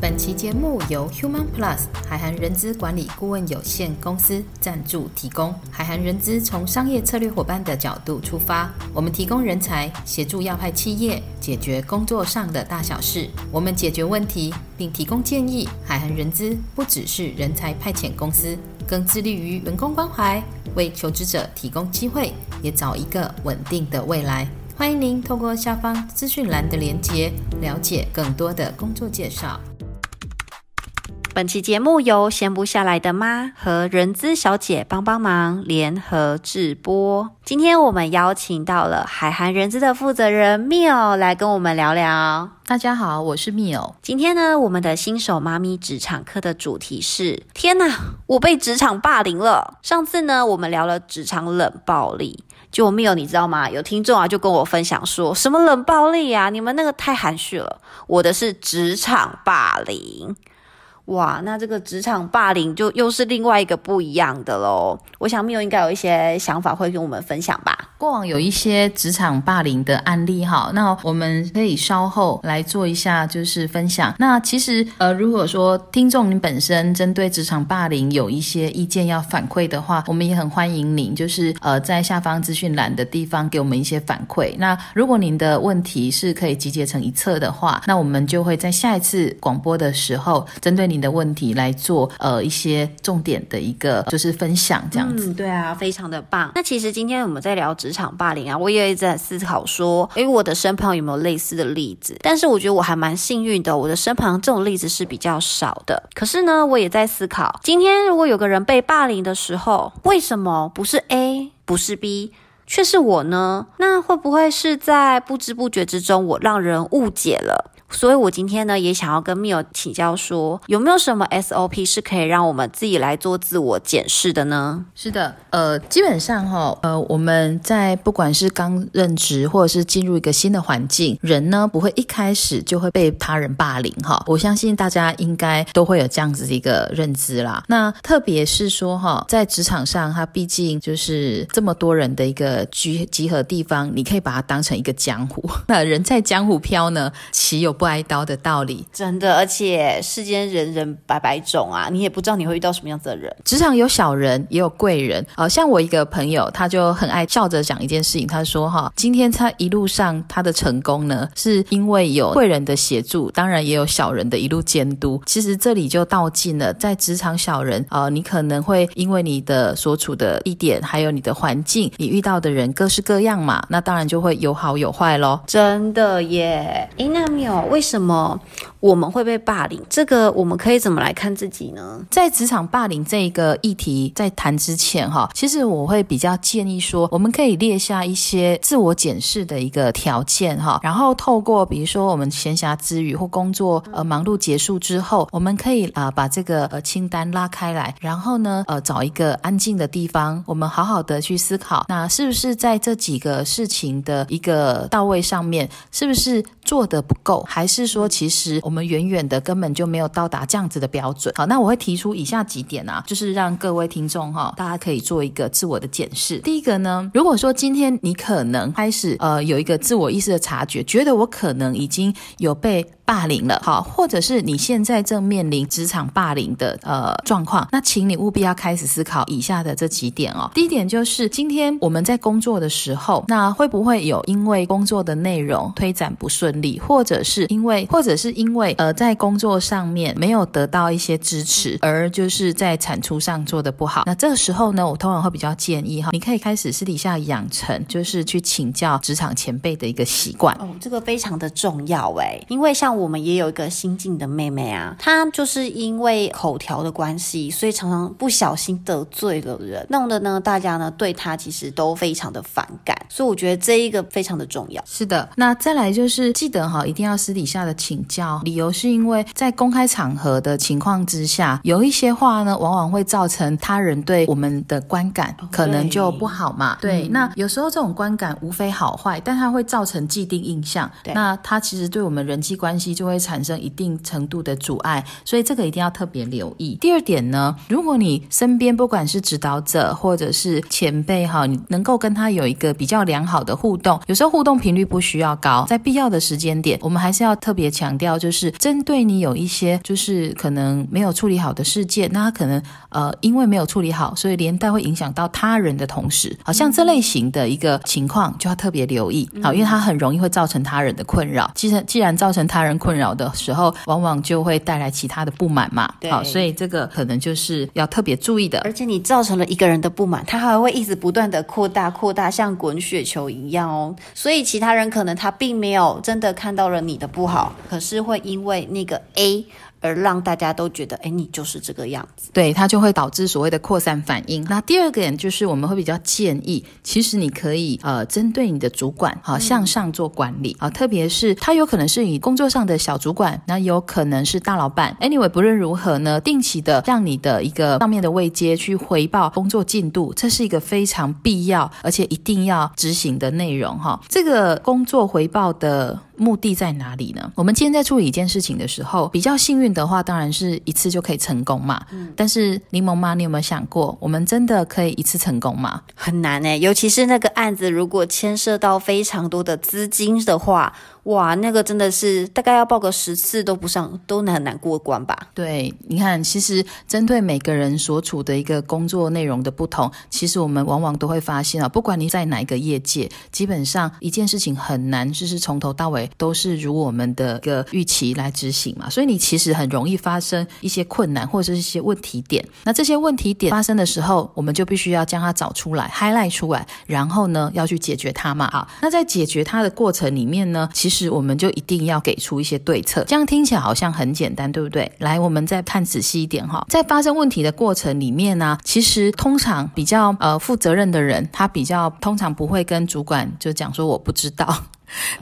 本期節目由 Human Plus 海涵人資管理顧問有限公司贊助提供。海涵人資從商業策略夥伴的角度出發，我們提供人才協助要派企業解決工作上的大小事。我們解決問題並提供建議。海涵人資不只是人才派遣公司，更致力於員工關懷，為求職者提供機會，也找一個穩定的未來。歡迎您透過下方資訊欄的連結，了解更多的工作介紹。本期節目由閒不下來的媽和人資小姐幫幫忙聯合製播。今天我們邀請到了海涵人資的負責人繆來跟我們聊聊。大家好，我是繆。今天呢，我們的新手媽咪職場課的主題是：天哪，我被職場霸凌了！上次呢，我們聊了職場冷暴力。就繆，你知道嗎？有聽眾啊，就跟我分享說：“什麼冷暴力呀？你們那個太含蓄了，我的是職場霸凌。”哇，那這個職場霸凌就又是另外一個不一樣的嘍。我想妙應該有一些想法會跟我們分享吧。過往有一些職場霸凌的案例哈，那我們可以稍後來做一下就是分享。那其實呃，如果說聽眾您本身針對職場霸凌有一些意見要反饋的話，我們也很歡迎您，就是呃在下方資訊欄的地方給我們一些反饋。那如果您的問題是可以集結成一冊的話，那我們就會在下一次廣播的時候針對您的問題來做呃一些重點的一個就是分享這樣子。嗯，對啊，非常的棒。那其實今天我們在聊職場霸凌啊，我也一直在思考說，誒，我的身旁有沒有類似的例子？但是我覺得我還蠻幸運的，我的身旁這種例子是比較少的。可是呢，我也在思考，今天如果有個人被霸凌的時候，為什麼不是 A，不是 B，卻是我呢？那會不會是在不知不覺之中，我讓人誤解了？所以，我今天呢也想要跟 Mio 請教說，有沒有什麼 SOP 是可以讓我們自己來做自我檢視的呢？是的，呃，基本上哈、哦，呃，我們在不管是剛任職或者是進入一個新的環境，人呢不會一開始就會被他人霸凌哈、哦。我相信大家應該都會有這樣子的一個認知啦。那特別是說哈、哦，在職場上，它畢竟就是這麼多人的一個集集合地方，你可以把它當成一個江湖。那人在江湖飄呢，豈有？不挨刀的道理，真的，而且世間人人百百種啊，你也不知道你會遇到什麼樣子的人。職場有小人，也有貴人。啊、呃，像我一個朋友，他就很愛笑着講一件事情。他說：哈，今天他一路上他的成功呢，是因為有貴人的協助，當然也有小人的一路監督。其實這裡就道盡了，在職場小人，呃，你可能會因為你的所處的地點，還有你的環境，你遇到的人各式各樣嘛，那當然就會有好有壞咯。真的耶，哎，那有。為什麼？我們會被霸凌，這個我們可以怎麼來看自己呢？在職場霸凌這一個議題在談之前，哈，其實我會比較建議說，我們可以列下一些自我檢視的一個條件，哈，然後透過比如說我們閒暇之餘或工作呃忙碌結束之後，我們可以啊、呃、把這個呃清單拉開來，然後呢呃找一個安靜的地方，我們好好的去思考，那是不是在這幾個事情的一個到位上面，是不是做得不夠，還是說其實？我們遠遠的，根本就沒有到達這樣子的標準。好，那我會提出以下幾點啊，就是讓各位聽眾哈、哦，大家可以做一個自我的檢視。第一個呢，如果說今天你可能開始呃有一個自我意識的察覺，覺得我可能已經有被。霸凌了，好，或者是你現在正面臨職場霸凌的呃狀況，那請你務必要開始思考以下的這幾點哦。第一點就是今天我們在工作的時候，那會不會有因為工作的內容推展不順利，或者是因為或者是因為呃在工作上面沒有得到一些支持，而就是在產出上做得不好？那這個時候呢，我通常會比較建議哈，你可以開始私底下養成就是去請教職場前輩的一個習慣。哦，這個非常的重要欸，因為像我。我們也有一個新進的妹妹啊，她就是因為口條的關係，所以常常不小心得罪了人，弄得呢大家呢對她其實都非常的反感，所以我覺得這一個非常的重要。是的，那再來就是記得哈，一定要私底下的請教，理由是因為在公開場合的情況之下，有一些話呢，往往會造成他人對我們的觀感可能就不好嘛。哦、對，對嗯、那有時候這種觀感無非好壞，但它會造成既定印象。對，那它其實對我們人際關係。就會產生一定程度的阻礙，所以這個一定要特別留意。第二點呢，如果你身邊不管是指導者或者是前輩哈，你能夠跟他有一個比較良好的互動，有時候互動頻率不需要高，在必要的時間點，我們還是要特別強調，就是針對你有一些就是可能沒有處理好的事件，那他可能呃因為沒有處理好，所以連帶會影響到他人的同時，好像這類型的一個情況就要特別留意。好，因為他很容易會造成他人的困擾。既然既然造成他人，困擾的時候，往往就會帶來其他的不滿嘛。對好，所以這個可能就是要特別注意的。而且你造成了一個人的不滿，他還會一直不斷地擴大擴大，像滾雪球一樣哦。所以其他人可能他並沒有真的看到了你的不好，可是會因為那個 A。而讓大家都覺得，誒，你就是這個樣子，對，它就會導致所謂的擴散反應。那第二點就是，我們會比較建議，其實你可以，呃，針對你的主管，好、哦，向上做管理，啊、嗯哦，特別是他有可能是你工作上的小主管，那有可能是大老闆。Anyway，不論如何呢，定期的讓你的一個上面的位階去回報工作進度，這是一個非常必要，而且一定要執行的內容，哈、哦。這個工作回報的。目的在哪裡呢？我們今天在處理一件事情的時候，比較幸運的話，當然是一次就可以成功嘛。嗯、但是檸檬媽，你有沒有想過，我們真的可以一次成功嗎？很難哎、欸，尤其是那個案子，如果牽涉到非常多的資金的話。哇，那個真的是大概要報個十次都不上，都很難過關吧？對，你看，其實針對每個人所處的一個工作內容的不同，其實我們往往都會發現啊，不管你在哪一個業界，基本上一件事情很難就是從頭到尾都是如我們的一個預期來執行嘛，所以你其實很容易發生一些困難或者是一些問題點。那這些問題點發生的時候，我們就必須要將它找出來、highlight 出來，然後呢要去解決它嘛。啊，那在解決它的過程裡面呢，其實。是，其實我們就一定要給出一些對策，這樣聽起來好像很簡單，對不對？來，我們再看仔細一點哈，在發生問題的過程裡面呢，其實通常比較呃負責任的人，他比較通常不會跟主管就講說我不知道。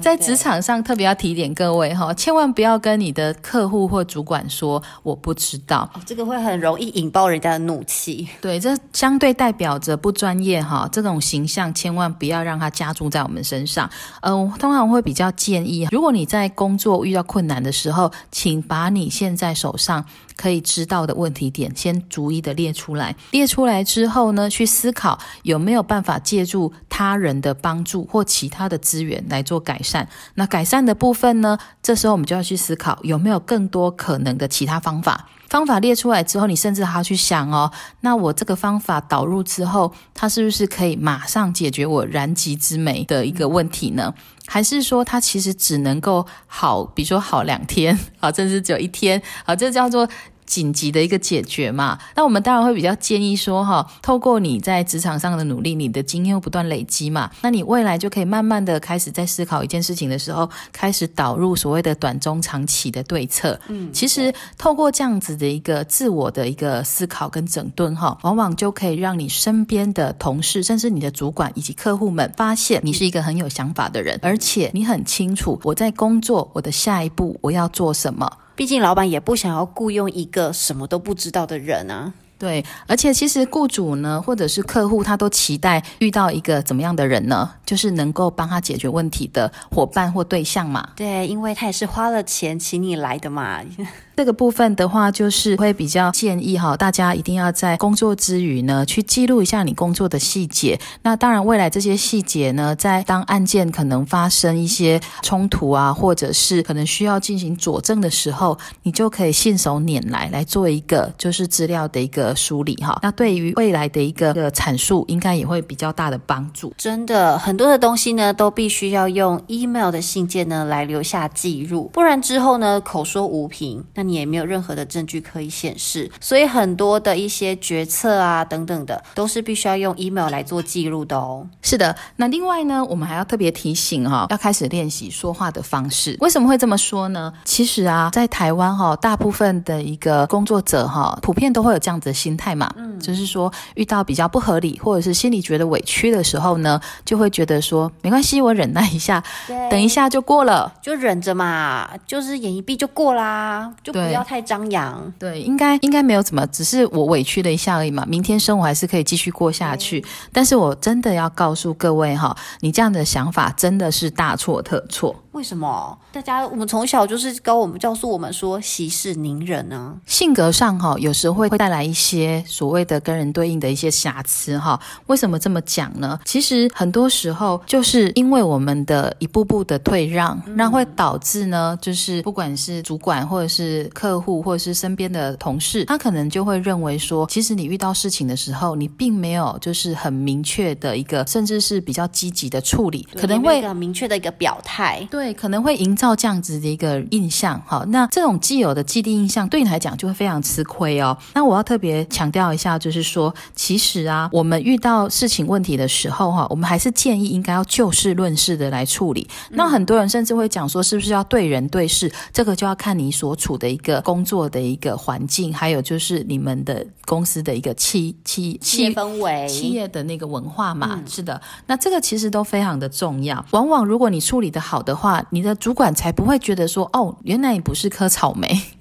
在職場上特別要提點各位哈，千萬不要跟你的客戶或主管說我不知道。哦，這個會很容易引爆人家的怒氣。對，這相對代表着不專業哈，這種形象千萬不要讓它加注在我們身上。嗯，呃，我通常會比較建議，如果你在工作遇到困難的時候，請把你現在手上。可以知道的問題點，先逐一的列出來。列出來之後呢，去思考有沒有辦法借助他人的幫助或其他的資源來做改善。那改善的部分呢，這時候我們就要去思考有沒有更多可能的其他方法。方法列出來之後，你甚至還要去想哦，那我這個方法導入之後，它是不是可以馬上解決我燃極之美的一個問題呢？還是說它其實只能夠好，比如說好兩天啊，甚至只有一天啊？這叫做。緊急的一個解決嘛，那我們當然會比較建議說哈，透過你在職場上的努力，你的經驗不斷累積嘛，那你未來就可以慢慢的開始在思考一件事情的時候，開始導入所謂的短中長期的對策。嗯，其實透過這樣子的一個自我的一個思考跟整頓哈，往往就可以讓你身邊的同事，甚至你的主管以及客戶們發現你是一個很有想法的人，而且你很清楚我在工作，我的下一步我要做什麼。畢竟老闆也不想要僱傭一個什麼都不知道的人啊。對，而且其實雇主呢，或者是客戶，他都期待遇到一個怎麼樣的人呢？就是能夠幫他解決問題的夥伴或對象嘛。對，因為他也是花了錢請你來的嘛。 這個部分的話，就是會比較建議哈，大家一定要在工作之餘呢，去記錄一下你工作的細節。那當然，未來這些細節呢，在當案件可能發生一些衝突啊，或者是可能需要進行佐證的時候，你就可以信手拈來，來做一個就是資料的一個梳理哈。那對於未來的一個闡述，應該也會比較大的幫助。真的，很多的東西呢，都必須要用 email 的信件呢來留下記錄，不然之後呢，口說無憑。也沒有任何的證據可以顯示，所以很多的一些決策啊等等的，都是必須要用 email 來做記錄的哦。是的，那另外呢，我們還要特別提醒哈、哦，要開始練習說話的方式。為什麼會這麼說呢？其實啊，在台灣哈、哦，大部分的一個工作者哈、哦，普遍都會有這樣子的心態嘛，嗯，就是說遇到比較不合理或者是心裡覺得委屈的時候呢，就會覺得說沒關係，我忍耐一下，對等一下就過了，就忍着嘛，就是眼一閉就過啦，就。對不要太張揚，對，應該應該沒有怎麼，只是我委屈了一下而已嘛。明天生活還是可以繼續過下去，對但是我真的要告訴各位哈，你這樣的想法真的是大錯特錯。為什麼大家我們從小就是跟我們告訴我們說息事寧人呢、啊？性格上哈、哦，有時候會帶來一些所謂的跟人對應的一些瑕疵哈、哦。為什麼這麼講呢？其實很多時候就是因為我們的一步步的退讓，嗯、那會導致呢，就是不管是主管或者是客戶或者是身邊的同事，他可能就會認為說，其實你遇到事情的時候，你並沒有就是很明確的一個，甚至是比較積極的處理，對可能會很明確的一個表態。對，可能會營造這樣子的一個印象。哈，那這種既有的既定印象對你來講就會非常吃虧哦。那我要特別強調一下，就是說，其實啊，我們遇到事情問題的時候，哈，我們還是建議應該要就事論事的來處理。那很多人甚至會講說，是不是要對人對事？嗯、這個就要看你所處的一個工作的一個環境，還有就是你們的公司的一個企、企、企業氛圍、企業的那個文化嘛。嗯、是的，那這個其實都非常的重要。往往如果你處理的好的話，啊，你的主管才不會覺得說，哦，原來你不是顆草莓。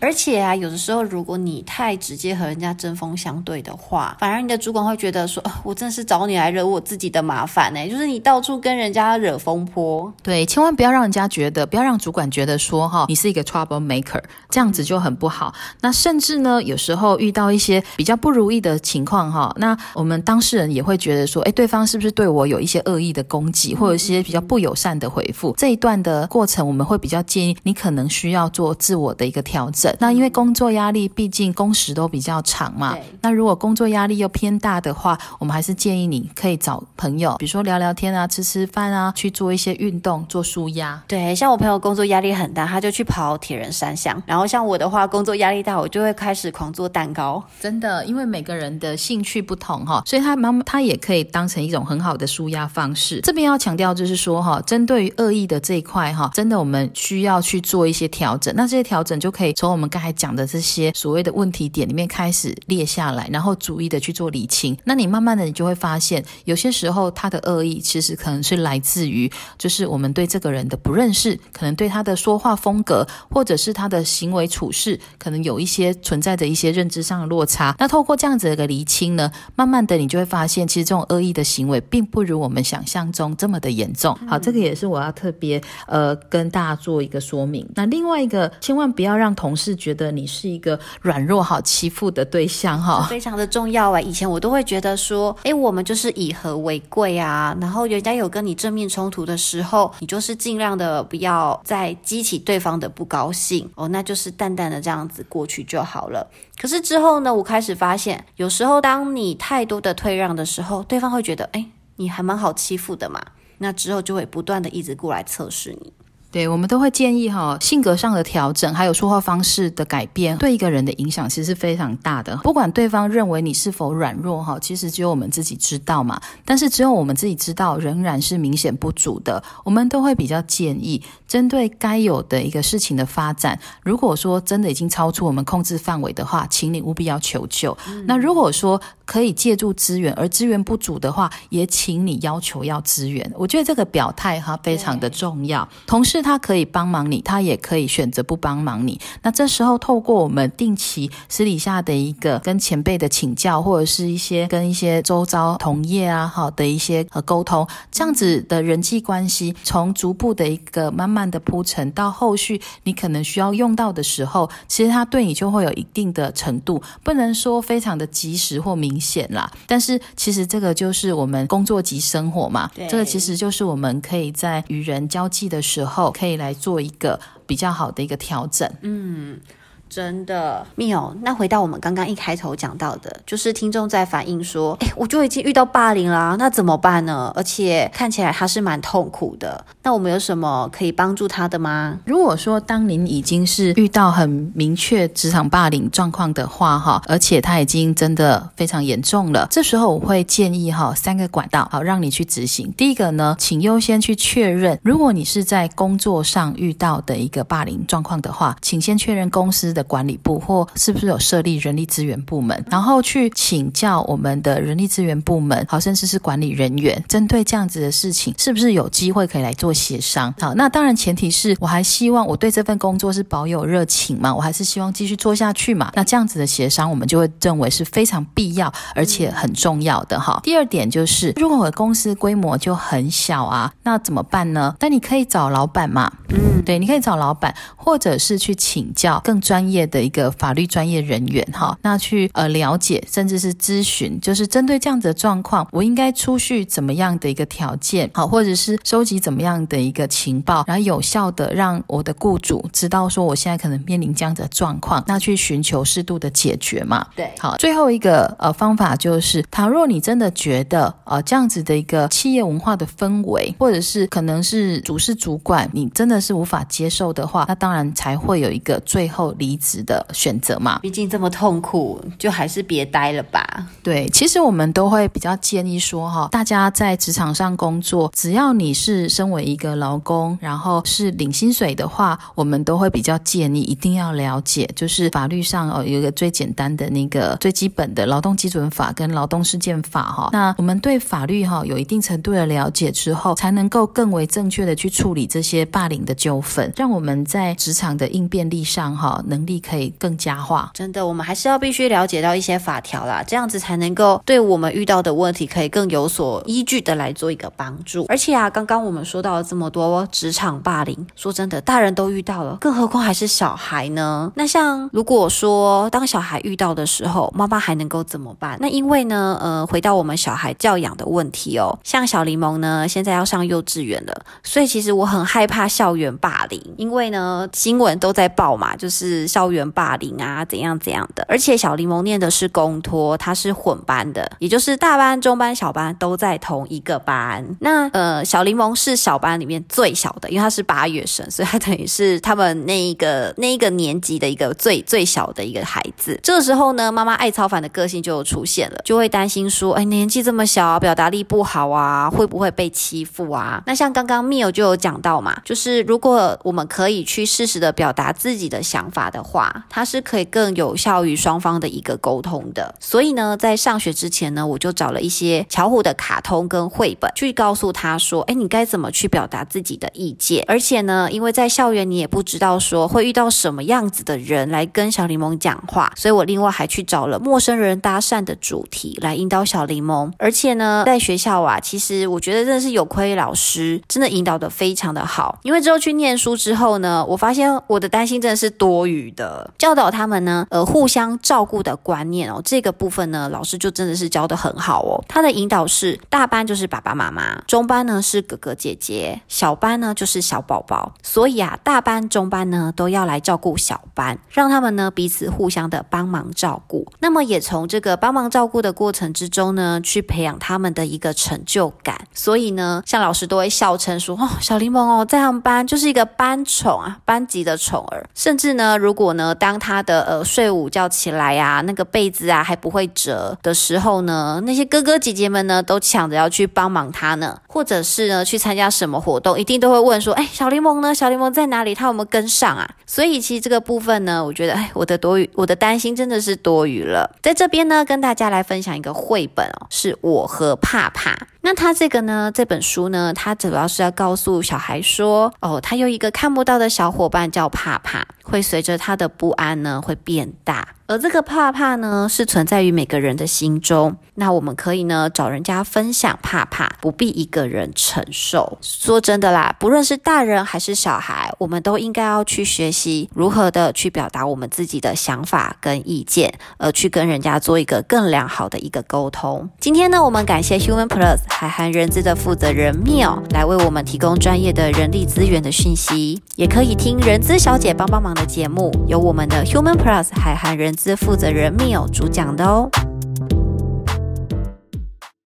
而且啊，有的時候如果你太直接和人家針鋒相對的話，反而你的主管會覺得說，呃、我真的是找你來惹我自己的麻煩呢、欸，就是你到處跟人家惹風波。對，千萬不要讓人家覺得，不要讓主管覺得說哈、哦，你是一個 trouble maker，這樣子就很不好。那甚至呢，有時候遇到一些比較不如意的情況哈、哦，那我們當事人也會覺得說，哎，對方是不是對我有一些惡意的攻擊，或者一些比較不友善的回復？這一段的過程，我們會比較建議你可能需要做自我的一個調整。那因為工作壓力，畢竟工時都比較長嘛。對那如果工作壓力又偏大的話，我們還是建議你可以找朋友，比如說聊聊天啊，吃吃飯啊，去做一些運動，做舒壓。對，像我朋友工作壓力很大，他就去跑鐵人三項。然後像我的話，工作壓力大，我就會開始狂做蛋糕。真的，因為每個人的興趣不同哈，所以它嘛，它也可以當成一種很好的舒壓方式。這邊要強調就是說哈，針對於惡意的這一塊哈，真的我們需要去做一些調整。那這些調整就可以從。我們剛才講的這些所謂的問題點裡面開始列下來，然後逐一的去做理清。那你慢慢的你就會發現，有些時候他的惡意其實可能是來自於，就是我們對這個人的不認識，可能對他的說話風格或者是他的行為處事，可能有一些存在着一些認知上的落差。那透過這樣子的一個釐清呢，慢慢的你就會發現，其實這種惡意的行為並不如我們想象中這麼的嚴重。嗯、好，這個也是我要特別呃跟大家做一個說明。那另外一個，千萬不要讓同事。是覺得你是一個軟弱、好欺負的對象哈、哦，非常的重要哎、欸。以前我都會覺得說，誒，我們就是以和為貴啊。然後人家有跟你正面衝突的時候，你就是盡量的不要再激起對方的不高興哦，那就是淡淡的這樣子過去就好了。可是之後呢，我開始發現，有時候當你太多的退讓的時候，對方會覺得，哎，你還蠻好欺負的嘛。那之後就會不斷的一直過來測試你。對，我們都會建議哈、哦，性格上的調整，還有說話方式的改變，對一個人的影響其實是非常大的。不管對方認為你是否軟弱哈，其實只有我們自己知道嘛。但是只有我們自己知道，仍然是明顯不足的。我們都會比較建議，針對該有的一個事情的發展，如果說真的已經超出我們控制範圍的話，請你務必要求救。嗯、那如果說可以借助資源，而資源不足的話，也請你要求要資源。我覺得這個表態哈非常的重要，對同時。是他可以幫忙你，他也可以選擇不幫忙你。那這時候，透過我們定期私底下的一個跟前輩的請教，或者是一些跟一些周遭同業啊，好的一些呃溝通，這樣子的人際關係，從逐步的一個慢慢的鋪陳到後續，你可能需要用到的時候，其實他對你就會有一定的程度，不能說非常的及時或明顯啦。但是其實這個就是我們工作及生活嘛，對這個其實就是我們可以在與人交際的時候。可以來做一個比較好的一個調整。嗯。真的沒有，那回到我們剛剛一開頭講到的，就是聽眾在反映說：“誒，我就已經遇到霸凌啦，那怎麼辦呢？而且看起來他是蠻痛苦的。那我們有什麼可以幫助他的嗎？如果說當您已經是遇到很明確職場霸凌狀況的話，哈，而且他已經真的非常嚴重了，這時候我會建議哈三個管道，好讓你去執行。第一個呢，請優先去確認，如果你是在工作上遇到的一個霸凌狀況的話，請先確認公司的管理部或是不是有設立人力資源部門，然後去請教我們的人力資源部門，好，甚至是管理人員，針對這樣子的事情，是不是有機會可以來做協商？好，那當然前提是我還希望我對這份工作是保有熱情嘛，我還是希望繼續做下去嘛。那這樣子的協商，我們就會認為是非常必要而且很重要的哈。第二點就是，如果我的公司規模就很小啊，那怎麼辦呢？那你可以找老闆嘛，嗯，對，你可以找老闆，或者是去請教更專。業的一個法律專業人員哈，那去呃了解，甚至是諮詢，就是針對這樣子的狀況，我應該出去怎麼樣的一個條件好，或者是收集怎麼樣的一個情報，然後有效的讓我的雇主知道說我現在可能面臨這樣子的狀況，那去尋求適度的解決嘛。對，好，最後一個呃方法就是，倘若你真的覺得呃這樣子的一個企業文化的氛圍，或者是可能是主事主管，你真的是無法接受的話，那當然才會有一個最後離。值得選擇嘛，畢竟這麼痛苦，就還是別待了吧。對，其實我們都會比較建議說哈、哦，大家在職場上工作，只要你是身為一個勞工，然後是領薪水的話，我們都會比較建議一定要了解，就是法律上哦有一個最簡單的那個最基本的勞動基準法跟勞動事件法哈、哦。那我們對法律哈、哦、有一定程度的了解之後，才能夠更為正確的去處理這些霸凌的糾紛，讓我們在職場的應變力上哈、哦、能。力可以更加化，真的，我們還是要必須了解到一些法條啦，這樣子才能夠對我們遇到的問題可以更有所依據的來做一個幫助。而且啊，剛剛我們說到了這麼多職場霸凌，說真的，大人都遇到了，更何況還是小孩呢？那像如果說當小孩遇到的時候，媽媽還能夠怎麼辦？那因為呢，呃，回到我們小孩教養的問題哦，像小檸檬呢，現在要上幼稚園了，所以其實我很害怕校園霸凌，因為呢，新聞都在報嘛，就是。校園霸凌啊，怎樣怎樣的？而且小檸檬念的是公托，他是混班的，也就是大班、中班、小班都在同一個班。那呃，小檸檬是小班裡面最小的，因為他是八月生，所以他等於是他們那一個那一個年級的一個最最小的一個孩子。這時候呢，媽媽愛操煩的個性就出現了，就會擔心說，哎，年紀這麼小，表達力不好啊，會不會被欺負啊？那像剛剛 Mia 就有講到嘛，就是如果我們可以去適時的表達自己的想法的話。話，它是可以更有效於雙方的一個溝通的。所以呢，在上學之前呢，我就找了一些巧虎的卡通跟繪本，去告訴他說：“哎，你該怎麼去表達自己的意見？”而且呢，因為在校園你也不知道說會遇到什麼樣子的人來跟小檸檬講話，所以我另外還去找了陌生人搭訕的主題來引導小檸檬。而且呢，在學校啊，其實我覺得真的是有虧老師真的引導得非常的好。因為之後去念書之後呢，我發現我的擔心真的是多餘。的教導他們呢，呃，互相照顧的觀念哦，這個部分呢，老師就真的是教得很好哦。他的引導是大班就是爸爸媽媽，中班呢是哥哥姐姐，小班呢就是小寶寶，所以啊，大班、中班呢都要來照顧小班，讓他們呢彼此互相的幫忙照顧，那麼也從這個幫忙照顧的過程之中呢，去培養他們的一個成就感。所以呢，像老師都會笑稱說哦，小檸檬哦，在他們班就是一個班寵啊，班級的寵兒，甚至呢，如果果呢，當他的呃睡午覺起來啊，那個被子啊還不會折的時候呢，那些哥哥姐姐們呢都搶着要去幫忙他呢，或者是呢去參加什麼活動，一定都會問說，哎，小檸檬呢？小檸檬在哪裡？他有沒有跟上啊？所以其實這個部分呢，我覺得，哎，我的多餘，我的擔心真的是多餘了。在這邊呢，跟大家來分享一個繪本哦，是我和帕帕。那他這個呢，這本書呢，他主要是要告訴小孩說，哦，他有一個看不到的小夥伴叫帕帕，會隨着他。他的不安呢，會變大。而這個怕怕呢，是存在於每個人的心中。那我們可以呢，找人家分享怕怕，不必一個人承受。說真的啦，不論是大人還是小孩，我們都應該要去學習如何的去表達我們自己的想法跟意見，而去跟人家做一個更良好的一個溝通。今天呢，我們感謝 Human Plus 海涵人資的負責人妙來為我們提供專業的人力資源的訊息，也可以聽人資小姐幫幫忙的節目，由我們的 Human Plus 海涵人。是負責人繆主講的哦。